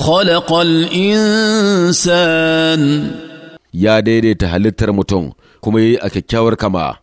خلق الإنسان يا ديري تهلتر متون كما يأكي كاور كما